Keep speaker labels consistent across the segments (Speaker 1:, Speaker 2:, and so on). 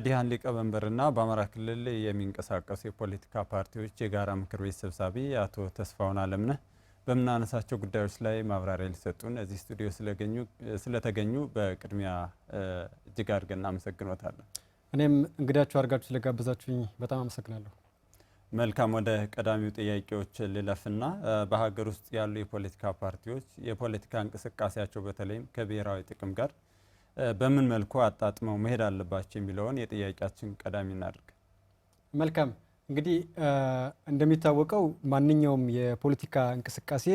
Speaker 1: የአዲሃን ሊቀመንበርና በአማራ ክልል የሚንቀሳቀሱ የፖለቲካ ፓርቲዎች የጋራ ምክር ቤት ሰብሳቢ አቶ ተስፋውን አለምነህ በምናነሳቸው ጉዳዮች ላይ ማብራሪያ ሊሰጡን እዚህ ስቱዲዮ ስለተገኙ በቅድሚያ እጅግ አድርገን አመሰግኖታለን።
Speaker 2: እኔም እንግዳችሁ አድርጋችሁ ስለጋበዛችሁኝ በጣም አመሰግናለሁ።
Speaker 1: መልካም፣ ወደ ቀዳሚው ጥያቄዎች ልለፍና በሀገር ውስጥ ያሉ የፖለቲካ ፓርቲዎች የፖለቲካ እንቅስቃሴያቸው በተለይም ከብሔራዊ ጥቅም ጋር በምን መልኩ አጣጥመው መሄድ አለባቸው የሚለውን የጥያቄያችን ቀዳሚ እናድርግ።
Speaker 2: መልካም እንግዲህ እንደሚታወቀው ማንኛውም የፖለቲካ እንቅስቃሴ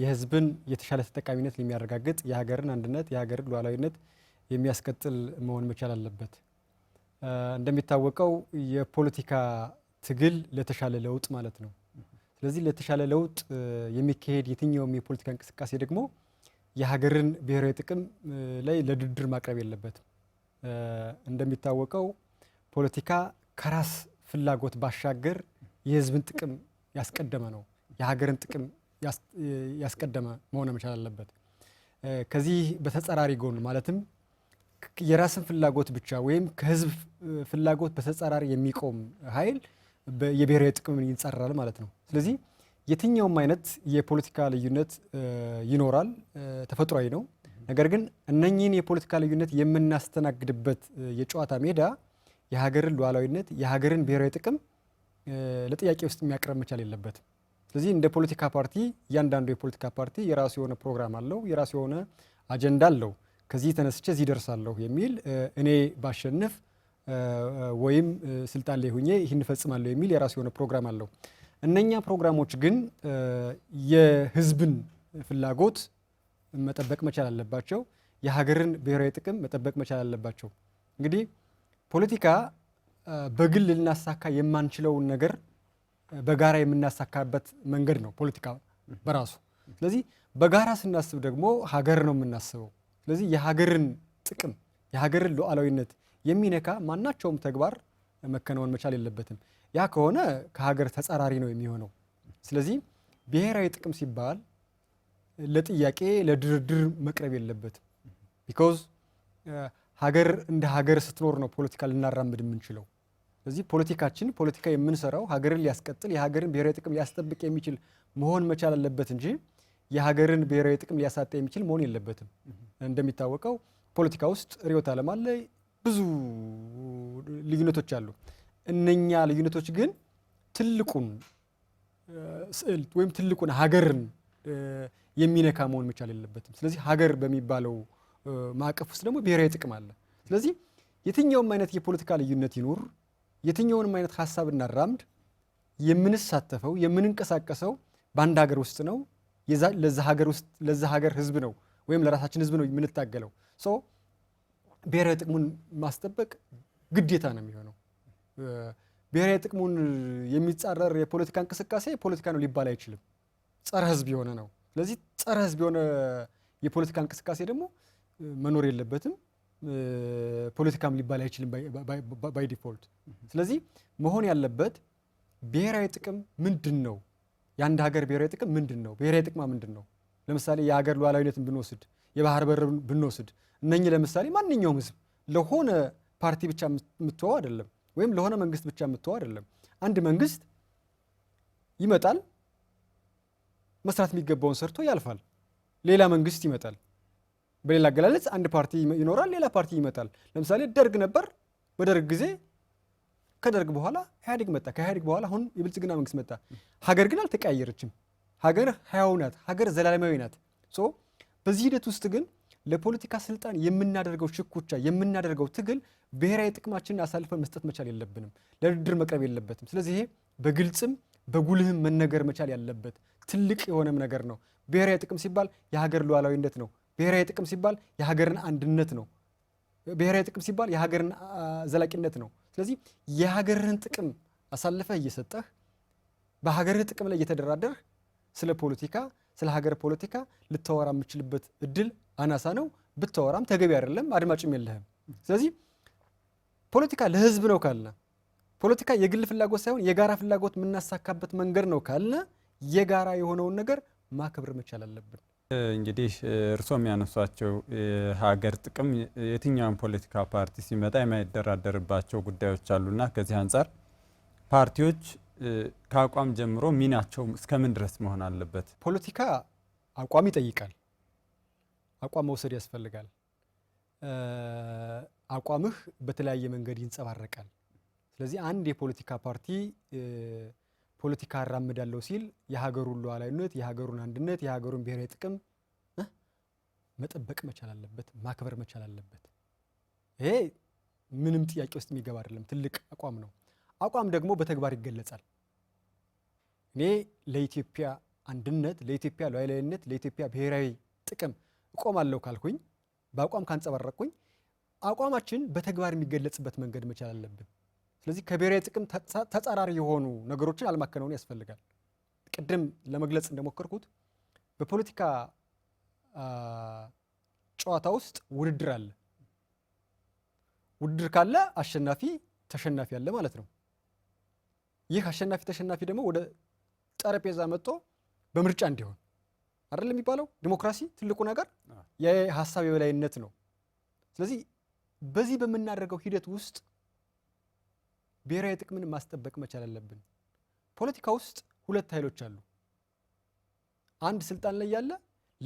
Speaker 2: የህዝብን የተሻለ ተጠቃሚነት የሚያረጋግጥ የሀገርን አንድነት፣ የሀገርን ሉዓላዊነት የሚያስቀጥል መሆን መቻል አለበት። እንደሚታወቀው የፖለቲካ ትግል ለተሻለ ለውጥ ማለት ነው። ስለዚህ ለተሻለ ለውጥ የሚካሄድ የትኛውም የፖለቲካ እንቅስቃሴ ደግሞ የሀገርን ብሔራዊ ጥቅም ላይ ለድርድር ማቅረብ የለበትም። እንደሚታወቀው ፖለቲካ ከራስ ፍላጎት ባሻገር የህዝብን ጥቅም ያስቀደመ ነው። የሀገርን ጥቅም ያስቀደመ መሆን መቻል አለበት። ከዚህ በተጸራሪ ጎን ማለትም የራስን ፍላጎት ብቻ ወይም ከህዝብ ፍላጎት በተጸራሪ የሚቆም ኃይል የብሔራዊ ጥቅምን ይንጸራል ማለት ነው። ስለዚህ የትኛውም አይነት የፖለቲካ ልዩነት ይኖራል፣ ተፈጥሯዊ ነው። ነገር ግን እነኚህን የፖለቲካ ልዩነት የምናስተናግድበት የጨዋታ ሜዳ የሀገርን ሉዓላዊነት፣ የሀገርን ብሔራዊ ጥቅም ለጥያቄ ውስጥ የሚያቀርብ መቻል የለበትም። ስለዚህ እንደ ፖለቲካ ፓርቲ እያንዳንዱ የፖለቲካ ፓርቲ የራሱ የሆነ ፕሮግራም አለው፣ የራሱ የሆነ አጀንዳ አለው። ከዚህ ተነስቼ እዚህ ደርሳለሁ የሚል እኔ ባሸንፍ ወይም ስልጣን ላይ ሁኜ ይህን እፈጽማለሁ የሚል የራሱ የሆነ ፕሮግራም አለው። እነኛ ፕሮግራሞች ግን የህዝብን ፍላጎት መጠበቅ መቻል አለባቸው። የሀገርን ብሔራዊ ጥቅም መጠበቅ መቻል አለባቸው። እንግዲህ ፖለቲካ በግል ልናሳካ የማንችለውን ነገር በጋራ የምናሳካበት መንገድ ነው ፖለቲካ በራሱ። ስለዚህ በጋራ ስናስብ ደግሞ ሀገር ነው የምናስበው። ስለዚህ የሀገርን ጥቅም የሀገርን ሉዓላዊነት የሚነካ ማናቸውም ተግባር መከናወን መቻል የለበትም። ያ ከሆነ ከሀገር ተጻራሪ ነው የሚሆነው። ስለዚህ ብሔራዊ ጥቅም ሲባል ለጥያቄ ለድርድር መቅረብ የለበትም። ቢኮዝ ሀገር እንደ ሀገር ስትኖር ነው ፖለቲካ ልናራምድ የምንችለው። ስለዚህ ፖለቲካችን ፖለቲካ የምንሰራው ሀገርን ሊያስቀጥል የሀገርን ብሔራዊ ጥቅም ሊያስጠብቅ የሚችል መሆን መቻል አለበት እንጂ የሀገርን ብሔራዊ ጥቅም ሊያሳጣ የሚችል መሆን የለበትም። እንደሚታወቀው ፖለቲካ ውስጥ ርዕዮተ ዓለም አለ፣ ብዙ ልዩነቶች አሉ። እነኛ ልዩነቶች ግን ትልቁን ስዕል ወይም ትልቁን ሀገርን የሚነካ መሆን መቻል የለበትም። ስለዚህ ሀገር በሚባለው ማዕቀፍ ውስጥ ደግሞ ብሔራዊ ጥቅም አለ። ስለዚህ የትኛውም አይነት የፖለቲካ ልዩነት ይኑር፣ የትኛውንም አይነት ሀሳብ እናራምድ፣ የምንሳተፈው የምንንቀሳቀሰው በአንድ ሀገር ውስጥ ነው። ለዛ ሀገር ህዝብ ነው ወይም ለራሳችን ህዝብ ነው የምንታገለው። ብሔራዊ ጥቅሙን ማስጠበቅ ግዴታ ነው የሚሆነው። ብሔራዊ ጥቅሙን የሚጻረር የፖለቲካ እንቅስቃሴ ፖለቲካ ነው ሊባል አይችልም፣ ጸረ ህዝብ የሆነ ነው። ስለዚህ ጸረ ህዝብ የሆነ የፖለቲካ እንቅስቃሴ ደግሞ መኖር የለበትም፣ ፖለቲካም ሊባል አይችልም ባይ ዲፎልት። ስለዚህ መሆን ያለበት ብሔራዊ ጥቅም ምንድን ነው? የአንድ ሀገር ብሔራዊ ጥቅም ምንድን ነው? ብሔራዊ ጥቅማ ምንድን ነው? ለምሳሌ የሀገር ሉዓላዊነትን ብንወስድ፣ የባህር በርን ብንወስድ እነኚህ ለምሳሌ ማንኛውም ህዝብ ለሆነ ፓርቲ ብቻ የምትወው አይደለም፣ ወይም ለሆነ መንግስት ብቻ የምትወው አይደለም። አንድ መንግስት ይመጣል፣ መስራት የሚገባውን ሰርቶ ያልፋል። ሌላ መንግስት ይመጣል። በሌላ አገላለጽ አንድ ፓርቲ ይኖራል፣ ሌላ ፓርቲ ይመጣል። ለምሳሌ ደርግ ነበር። በደርግ ጊዜ ከደርግ በኋላ ኢህአዴግ መጣ። ከኢህአዴግ በኋላ አሁን የብልጽግና መንግስት መጣ። ሀገር ግን አልተቀያየረችም። ሀገር ህያው ናት። ሀገር ዘላለማዊ ናት። በዚህ ሂደት ውስጥ ግን ለፖለቲካ ስልጣን የምናደርገው ሽኩቻ የምናደርገው ትግል ብሔራዊ ጥቅማችንን አሳልፈን መስጠት መቻል የለብንም፣ ለድርድር መቅረብ የለበትም። ስለዚህ ይሄ በግልጽም በጉልህም መነገር መቻል ያለበት ትልቅ የሆነም ነገር ነው። ብሔራዊ ጥቅም ሲባል የሀገር ሉዓላዊነት ነው። ብሔራዊ ጥቅም ሲባል የሀገርን አንድነት ነው። ብሔራዊ ጥቅም ሲባል የሀገርን ዘላቂነት ነው። ስለዚህ የሀገርህን ጥቅም አሳልፈህ እየሰጠህ በሀገርህ ጥቅም ላይ እየተደራደርህ ስለ ፖለቲካ ስለ ሀገር ፖለቲካ ልታወራ የምችልበት እድል አናሳ ነው፣ ብታወራም ተገቢ አይደለም፣ አድማጭም የለህም። ስለዚህ ፖለቲካ ለህዝብ ነው ካልነ፣ ፖለቲካ የግል ፍላጎት ሳይሆን የጋራ ፍላጎት የምናሳካበት መንገድ ነው ካልነ፣ የጋራ የሆነውን ነገር ማክበር መቻል አለብን።
Speaker 1: እንግዲህ እርስዎ የሚያነሷቸው የሀገር ጥቅም የትኛውን ፖለቲካ ፓርቲ ሲመጣ የማይደራደርባቸው ጉዳዮች አሉና ከዚህ አንጻር ፓርቲዎች ከአቋም ጀምሮ ሚናቸው እስከምን ድረስ መሆን አለበት?
Speaker 2: ፖለቲካ አቋም ይጠይቃል። አቋም መውሰድ ያስፈልጋል። አቋምህ በተለያየ መንገድ ይንጸባረቃል። ስለዚህ አንድ የፖለቲካ ፓርቲ ፖለቲካ አራምዳለሁ ሲል የሀገሩን ሉዓላዊነት፣ የሀገሩን አንድነት፣ የሀገሩን ብሔራዊ ጥቅም መጠበቅ መቻል አለበት፣ ማክበር መቻል አለበት። ይሄ ምንም ጥያቄ ውስጥ የሚገባ አይደለም። ትልቅ አቋም ነው። አቋም ደግሞ በተግባር ይገለጻል። እኔ ለኢትዮጵያ አንድነት፣ ለኢትዮጵያ ሉዓላዊነት፣ ለኢትዮጵያ ብሔራዊ ጥቅም እቆማለሁ ካልኩኝ በአቋም ካንጸባረቅኩኝ አቋማችን በተግባር የሚገለጽበት መንገድ መቻል አለብን። ስለዚህ ከብሔራዊ ጥቅም ተጻራሪ የሆኑ ነገሮችን አለማከናወን ያስፈልጋል። ቅድም ለመግለጽ እንደሞከርኩት በፖለቲካ ጨዋታ ውስጥ ውድድር አለ። ውድድር ካለ አሸናፊ ተሸናፊ አለ ማለት ነው። ይህ አሸናፊ ተሸናፊ ደግሞ ወደ ጠረጴዛ መጥቶ በምርጫ እንዲሆን አይደል የሚባለው ዲሞክራሲ ትልቁ ነገር የሀሳብ የበላይነት ነው። ስለዚህ በዚህ በምናደርገው ሂደት ውስጥ ብሔራዊ ጥቅምን ማስጠበቅ መቻል አለብን። ፖለቲካ ውስጥ ሁለት ኃይሎች አሉ። አንድ ስልጣን ላይ ያለ፣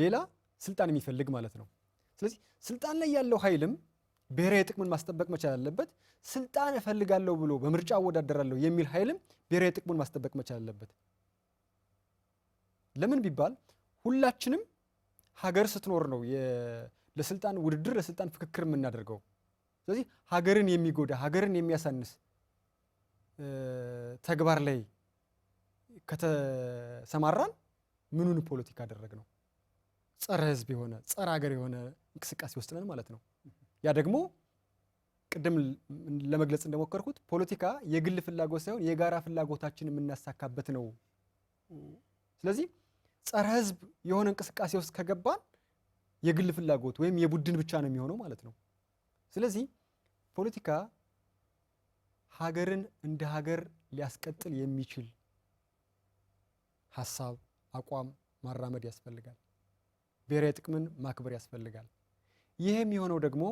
Speaker 2: ሌላ ስልጣን የሚፈልግ ማለት ነው። ስለዚህ ስልጣን ላይ ያለው ኃይልም ብሔራዊ ጥቅምን ማስጠበቅ መቻል አለበት። ስልጣን እፈልጋለሁ ብሎ በምርጫ አወዳደራለሁ የሚል ኃይልም ብሔራዊ ጥቅሙን ማስጠበቅ መቻል አለበት። ለምን ቢባል ሁላችንም ሀገር ስትኖር ነው ለስልጣን ውድድር ለስልጣን ፍክክር የምናደርገው። ስለዚህ ሀገርን የሚጎዳ ሀገርን የሚያሳንስ ተግባር ላይ ከተሰማራን ምኑን ፖለቲካ አደረግ ነው? ጸረ ህዝብ የሆነ ጸረ ሀገር የሆነ እንቅስቃሴ ውስጥ ነን ማለት ነው። ያ ደግሞ ቅድም ለመግለጽ እንደሞከርኩት ፖለቲካ የግል ፍላጎት ሳይሆን የጋራ ፍላጎታችን የምናሳካበት ነው። ስለዚህ ጸረ ህዝብ የሆነ እንቅስቃሴ ውስጥ ከገባን የግል ፍላጎት ወይም የቡድን ብቻ ነው የሚሆነው ማለት ነው። ስለዚህ ፖለቲካ ሀገርን እንደ ሀገር ሊያስቀጥል የሚችል ሀሳብ፣ አቋም ማራመድ ያስፈልጋል። ብሔራዊ ጥቅምን ማክበር ያስፈልጋል። ይህ የሚሆነው ደግሞ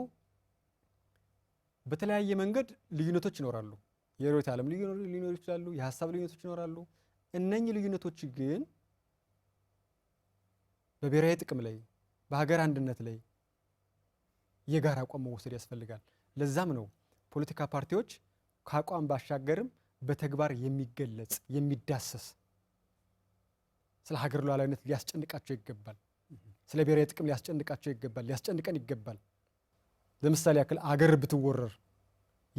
Speaker 2: በተለያየ መንገድ ልዩነቶች ይኖራሉ። የርዕዮተ ዓለም ሊኖሩ ይችላሉ። የሀሳብ ልዩነቶች ይኖራሉ። እነኚህ ልዩነቶች ግን በብሔራዊ ጥቅም ላይ በሀገር አንድነት ላይ የጋራ አቋም መወሰድ ያስፈልጋል። ለዛም ነው ፖለቲካ ፓርቲዎች ከአቋም ባሻገርም በተግባር የሚገለጽ የሚዳሰስ ስለ ሀገር ሉዓላዊነት ሊያስጨንቃቸው ይገባል። ስለ ብሔራዊ ጥቅም ሊያስጨንቃቸው ይገባል። ሊያስጨንቀን ይገባል። ለምሳሌ ያክል አገር ብትወረር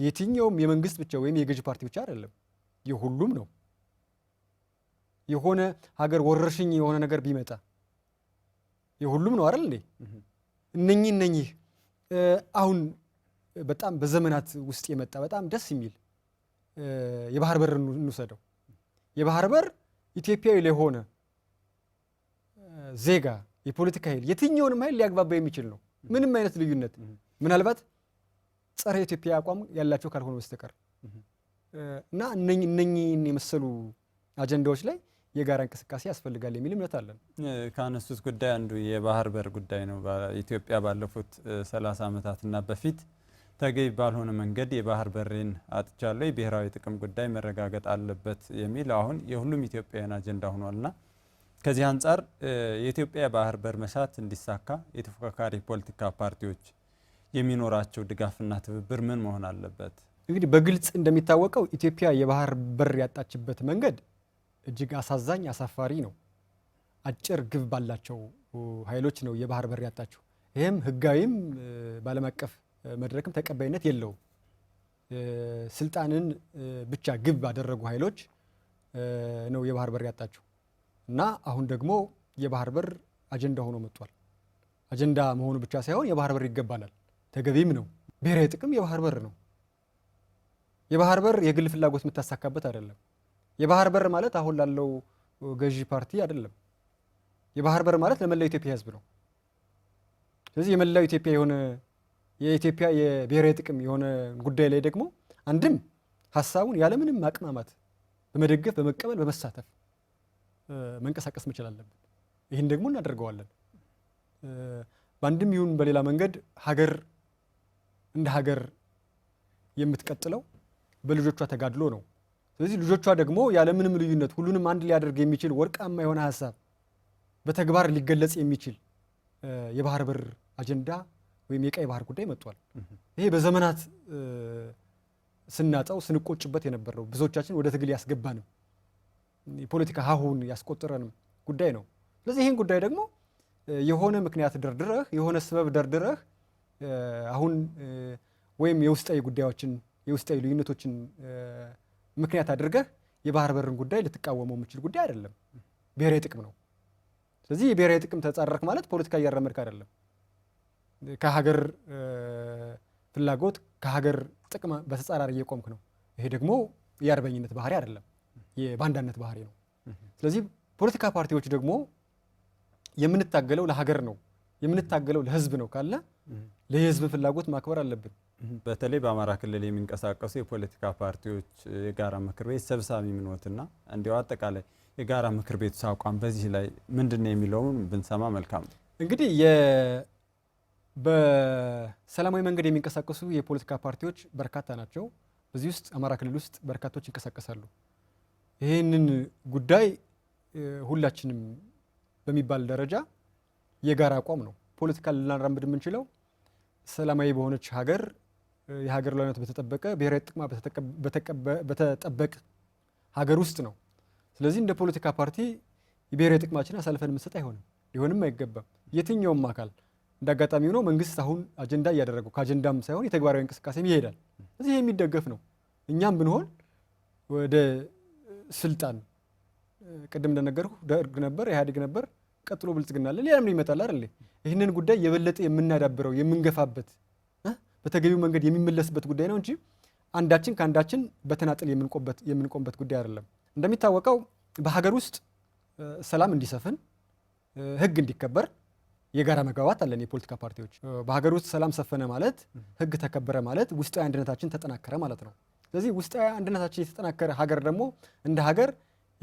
Speaker 2: የትኛውም የመንግስት ብቻ ወይም የገዢ ፓርቲ ብቻ አይደለም፣ የሁሉም ነው። የሆነ ሀገር ወረርሽኝ የሆነ ነገር ቢመጣ የሁሉም ነው አይደል እንዴ? እነኚህ እነኚህ አሁን በጣም በዘመናት ውስጥ የመጣ በጣም ደስ የሚል የባህር በር እንውሰደው። የባህር በር ኢትዮጵያዊ ለሆነ ዜጋ የፖለቲካ ኃይል የትኛውንም ኃይል ሊያግባባ የሚችል ነው። ምንም አይነት ልዩነት ምናልባት ጸረ ኢትዮጵያ አቋም ያላቸው ካልሆነ በስተቀር እና እነኚህን የመሰሉ አጀንዳዎች ላይ የጋራ እንቅስቃሴ ያስፈልጋል የሚል እምነት አለን።
Speaker 1: ካነሱት ጉዳይ አንዱ የባህር በር ጉዳይ ነው። ኢትዮጵያ ባለፉት 30 ዓመታትና በፊት ተገቢ ባልሆነ መንገድ የባህር በሬን አጥቻለሁ፣ የብሔራዊ ጥቅም ጉዳይ መረጋገጥ አለበት የሚል አሁን የሁሉም ኢትዮጵያውያን አጀንዳ ሆኗልና ከዚህ አንጻር የኢትዮጵያ የባህር በር መሻት እንዲሳካ የተፎካካሪ ፖለቲካ ፓርቲዎች የሚኖራቸው ድጋፍና ትብብር ምን መሆን አለበት?
Speaker 2: እንግዲህ በግልጽ እንደሚታወቀው ኢትዮጵያ የባህር በር ያጣችበት መንገድ እጅግ አሳዛኝ፣ አሳፋሪ ነው። አጭር ግብ ባላቸው ኃይሎች ነው የባህር በር ያጣቸው። ይህም ህጋዊም በዓለም አቀፍ መድረክም ተቀባይነት የለውም። ስልጣንን ብቻ ግብ ባደረጉ ኃይሎች ነው የባህር በር ያጣቸው እና አሁን ደግሞ የባህር በር አጀንዳ ሆኖ መጥቷል። አጀንዳ መሆኑ ብቻ ሳይሆን የባህር በር ይገባናል፣ ተገቢም ነው። ብሔራዊ ጥቅም የባህር በር ነው። የባህር በር የግል ፍላጎት የምታሳካበት አይደለም። የባህር በር ማለት አሁን ላለው ገዢ ፓርቲ አይደለም። የባህር በር ማለት ለመላው ኢትዮጵያ ህዝብ ነው። ስለዚህ የመላው ኢትዮጵያ የሆነ የኢትዮጵያ የብሔራዊ ጥቅም የሆነ ጉዳይ ላይ ደግሞ አንድም ሀሳቡን ያለምንም አቅማማት በመደገፍ በመቀበል በመሳተፍ መንቀሳቀስ መቻል አለብን። ይህን ደግሞ እናደርገዋለን። በአንድም ይሁን በሌላ መንገድ ሀገር እንደ ሀገር የምትቀጥለው በልጆቿ ተጋድሎ ነው። ስለዚህ ልጆቿ ደግሞ ያለምንም ልዩነት ሁሉንም አንድ ሊያደርግ የሚችል ወርቃማ የሆነ ሀሳብ በተግባር ሊገለጽ የሚችል የባህር በር አጀንዳ ወይም የቀይ ባህር ጉዳይ መጥቷል። ይሄ በዘመናት ስናጣው ስንቆጭበት የነበረው ብዙዎቻችን ወደ ትግል ያስገባንም የፖለቲካ ሀሁን ያስቆጠረንም ጉዳይ ነው። ስለዚህ ይህን ጉዳይ ደግሞ የሆነ ምክንያት ደርድረህ የሆነ ስበብ ደርድረህ አሁን ወይም የውስጣዊ ጉዳዮችን የውስጣዊ ልዩነቶችን ምክንያት አድርገህ የባህር በርን ጉዳይ ልትቃወመው የምችል ጉዳይ አይደለም። ብሔራዊ ጥቅም ነው። ስለዚህ የብሔራዊ ጥቅም ተጻረርክ ማለት ፖለቲካ እያራመድክ አይደለም። ከሀገር ፍላጎት ከሀገር ጥቅም በተጻራሪ እየቆምክ ነው። ይሄ ደግሞ የአርበኝነት ባህሪ አይደለም፣ የባንዳነት ባህሪ ነው። ስለዚህ ፖለቲካ ፓርቲዎች ደግሞ የምንታገለው ለሀገር ነው፣ የምንታገለው ለህዝብ ነው ካለ ለህዝብ ፍላጎት ማክበር አለብን።
Speaker 1: በተለይ በአማራ ክልል የሚንቀሳቀሱ የፖለቲካ ፓርቲዎች የጋራ ምክር ቤት ሰብሳቢ ምንወትና እንዲያው አጠቃላይ የጋራ ምክር ቤቱ አቋም በዚህ ላይ ምንድን ነው የሚለውን ብንሰማ መልካም ነው።
Speaker 2: እንግዲህ በሰላማዊ መንገድ የሚንቀሳቀሱ የፖለቲካ ፓርቲዎች በርካታ ናቸው። በዚህ ውስጥ አማራ ክልል ውስጥ በርካቶች ይንቀሳቀሳሉ። ይህንን ጉዳይ ሁላችንም በሚባል ደረጃ የጋራ አቋም ነው። ፖለቲካ ልናራምድ የምንችለው ሰላማዊ በሆነች ሀገር የሀገር ሉዓላዊነት በተጠበቀ ብሔራዊ ጥቅማ በተጠበቀ ሀገር ውስጥ ነው። ስለዚህ እንደ ፖለቲካ ፓርቲ የብሔራዊ ጥቅማችን አሳልፈን የምንሰጥ አይሆንም፣ ሊሆንም አይገባም። የትኛውም አካል እንደ አጋጣሚ ሆኖ መንግስት አሁን አጀንዳ እያደረገው ከአጀንዳም ሳይሆን የተግባራዊ እንቅስቃሴም ይሄዳል። እዚህ የሚደገፍ ነው። እኛም ብንሆን ወደ ስልጣን ቅድም እንደነገርኩ ደርግ ነበር፣ ኢህአዴግ ነበር ቀጥሎ ብልጽግና አለ፣ ሌላም ይመጣል አይደል? ይህንን ጉዳይ የበለጠ የምናዳብረው የምንገፋበት፣ በተገቢው መንገድ የሚመለስበት ጉዳይ ነው እንጂ አንዳችን ከአንዳችን በተናጠል የምንቆምበት ጉዳይ አይደለም። እንደሚታወቀው በሀገር ውስጥ ሰላም እንዲሰፍን ህግ እንዲከበር የጋራ መግባባት አለን የፖለቲካ ፓርቲዎች። በሀገር ውስጥ ሰላም ሰፈነ ማለት ህግ ተከበረ ማለት ውስጣዊ አንድነታችን ተጠናከረ ማለት ነው። ስለዚህ ውስጣዊ አንድነታችን የተጠናከረ ሀገር ደግሞ እንደ ሀገር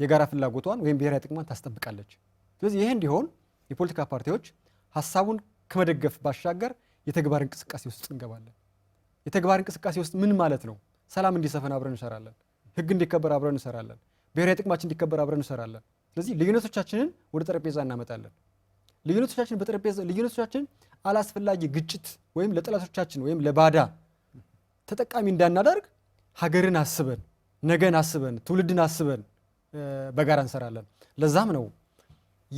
Speaker 2: የጋራ ፍላጎቷን ወይም ብሔራዊ ጥቅሟን ታስጠብቃለች። ስለዚህ ይህ እንዲሆን የፖለቲካ ፓርቲዎች ሀሳቡን ከመደገፍ ባሻገር የተግባር እንቅስቃሴ ውስጥ እንገባለን። የተግባር እንቅስቃሴ ውስጥ ምን ማለት ነው? ሰላም እንዲሰፈን አብረን እንሰራለን። ህግ እንዲከበር አብረን እንሰራለን። ብሔራዊ ጥቅማችን እንዲከበር አብረን እንሰራለን። ስለዚህ ልዩነቶቻችንን ወደ ጠረጴዛ እናመጣለን። ልዩነቶቻችን በጠረጴዛ ልዩነቶቻችን አላስፈላጊ ግጭት ወይም ለጠላቶቻችን ወይም ለባዳ ተጠቃሚ እንዳናደርግ ሀገርን አስበን ነገን አስበን ትውልድን አስበን በጋራ እንሰራለን። ለዛም ነው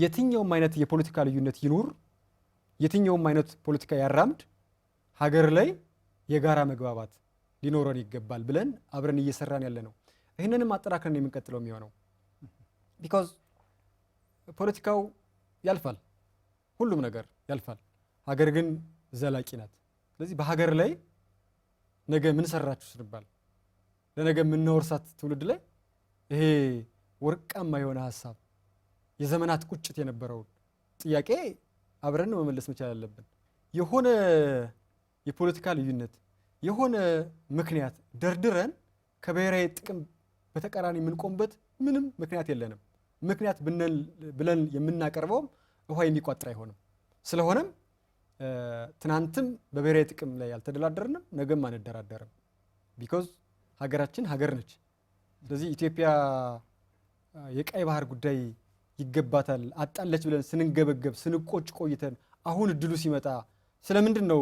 Speaker 2: የትኛውም አይነት የፖለቲካ ልዩነት ይኑር፣ የትኛውም አይነት ፖለቲካ ያራምድ፣ ሀገር ላይ የጋራ መግባባት ሊኖረን ይገባል ብለን አብረን እየሰራን ያለ ነው። ይህንንም አጠራክረን የምንቀጥለው የሚሆነው ቢካዝ ፖለቲካው ያልፋል፣ ሁሉም ነገር ያልፋል። ሀገር ግን ዘላቂ ናት። ስለዚህ በሀገር ላይ ነገ ምን ሰራችሁ ስንባል ለነገ የምናወርሳት ትውልድ ላይ ይሄ ወርቃማ የሆነ ሀሳብ የዘመናት ቁጭት የነበረውን ጥያቄ አብረን መመለስ መቻል አለብን። የሆነ የፖለቲካ ልዩነት የሆነ ምክንያት ደርድረን ከብሔራዊ ጥቅም በተቃራኒ የምንቆምበት ምንም ምክንያት የለንም። ምክንያት ብለን የምናቀርበውም ውሃ የሚቋጥር አይሆንም። ስለሆነም ትናንትም በብሔራዊ ጥቅም ላይ አልተደራደርንም፣ ነገም አንደራደርም። ቢኮዝ ሀገራችን ሀገር ነች። ስለዚህ ኢትዮጵያ የቀይ ባህር ጉዳይ ይገባታል አጣለች ብለን ስንንገበገብ ስንቆጭ ቆይተን አሁን እድሉ ሲመጣ ስለምንድን ነው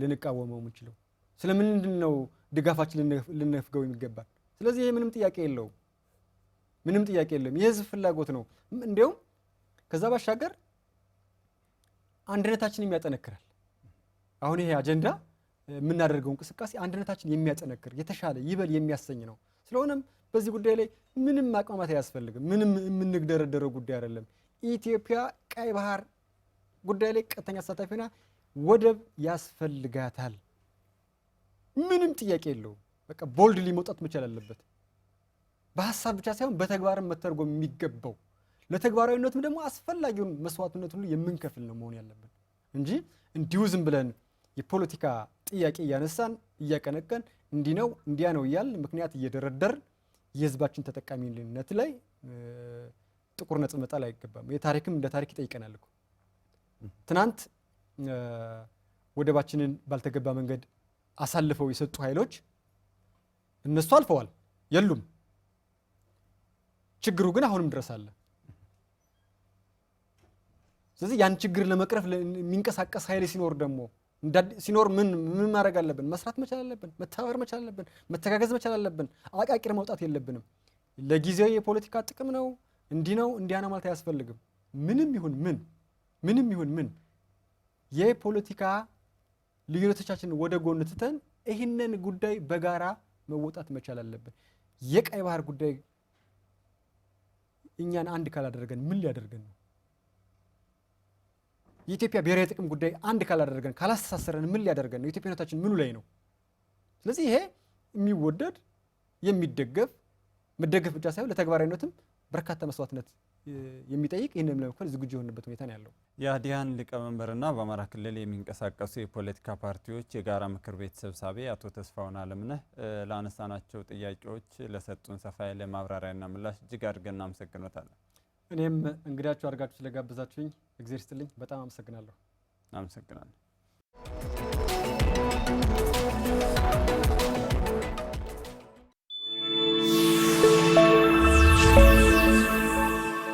Speaker 2: ልንቃወመው የምንችለው? ስለምንድን ነው ድጋፋችን ልንነፍገው የሚገባል? ስለዚህ ይሄ ምንም ጥያቄ የለውም፣ ምንም ጥያቄ የለውም። የህዝብ ፍላጎት ነው። እንዲሁም ከዛ ባሻገር አንድነታችንም ያጠነክራል። አሁን ይሄ አጀንዳ የምናደርገው እንቅስቃሴ አንድነታችን የሚያጠነክር የተሻለ ይበል የሚያሰኝ ነው። ስለሆነም በዚህ ጉዳይ ላይ ምንም ማቅማማት አያስፈልግም። ምንም የምንግደረደረው ጉዳይ አይደለም። ኢትዮጵያ ቀይ ባህር ጉዳይ ላይ ቀጥተኛ ተሳታፊ ሆና ወደብ ያስፈልጋታል። ምንም ጥያቄ የለውም። በቃ ቦልድሊ መውጣት መቻል አለበት። በሀሳብ ብቻ ሳይሆን በተግባርም መተርጎም የሚገባው ለተግባራዊነቱም ደግሞ አስፈላጊውን መስዋዕትነት ሁሉ የምንከፍል ነው መሆን ያለብን እንጂ እንዲሁ ዝም ብለን የፖለቲካ ጥያቄ እያነሳን እያቀነቀን እንዲህ ነው እንዲያ ነው እያል ምክንያት እየደረደር የህዝባችን ተጠቃሚነት ላይ ጥቁር ነጥብ መጣል አይገባም። የታሪክም እንደ ታሪክ ይጠይቀናል እኮ ትናንት ወደባችንን ባልተገባ መንገድ አሳልፈው የሰጡ ኃይሎች እነሱ አልፈዋል የሉም። ችግሩ ግን አሁንም ድረስ አለ። ስለዚህ ያን ችግር ለመቅረፍ የሚንቀሳቀስ ኃይል ሲኖር ደግሞ ሲኖር ምን ምን ማድረግ አለብን? መስራት መቻል አለብን። መተባበር መቻል አለብን። መተጋገዝ መቻል አለብን። አቃቂር መውጣት የለብንም። ለጊዜው የፖለቲካ ጥቅም ነው እንዲህ ነው እንዲያና ማለት አያስፈልግም። ምንም ይሁን ምን ምንም ይሁን ምን የፖለቲካ ልዩነቶቻችንን ወደ ጎን ትተን ይህንን ጉዳይ በጋራ መወጣት መቻል አለብን። የቀይ ባህር ጉዳይ እኛን አንድ ካላደረገን ምን ሊያደርገን ነው? የኢትዮጵያ ብሔራዊ ጥቅም ጉዳይ አንድ ካላደረገን ካላስተሳሰረን ምን ሊያደርገን ነው? ኢትዮጵያዊነታችን ምኑ ላይ ነው? ስለዚህ ይሄ የሚወደድ የሚደገፍ መደገፍ ብቻ ሳይሆን ለተግባራዊነትም በርካታ መስዋዕትነት የሚጠይቅ ይህንም ለመክፈል ዝግጁ የሆንበት ሁኔታ ነው ያለው።
Speaker 1: የአዲያን ሊቀመንበርና በአማራ ክልል የሚንቀሳቀሱ የፖለቲካ ፓርቲዎች የጋራ ምክር ቤት ሰብሳቢ አቶ ተስፋውን አለምነህ ለአነሳናቸው ጥያቄዎች ለሰጡን ሰፋ ያለ ማብራሪያና ምላሽ እጅግ አድርገን እናመሰግኖታለን።
Speaker 2: እኔም እንግዳችሁ አድርጋችሁ ስለጋበዛችሁኝ እግዜር በጣም አመሰግናለሁ።
Speaker 1: አመሰግናለሁ።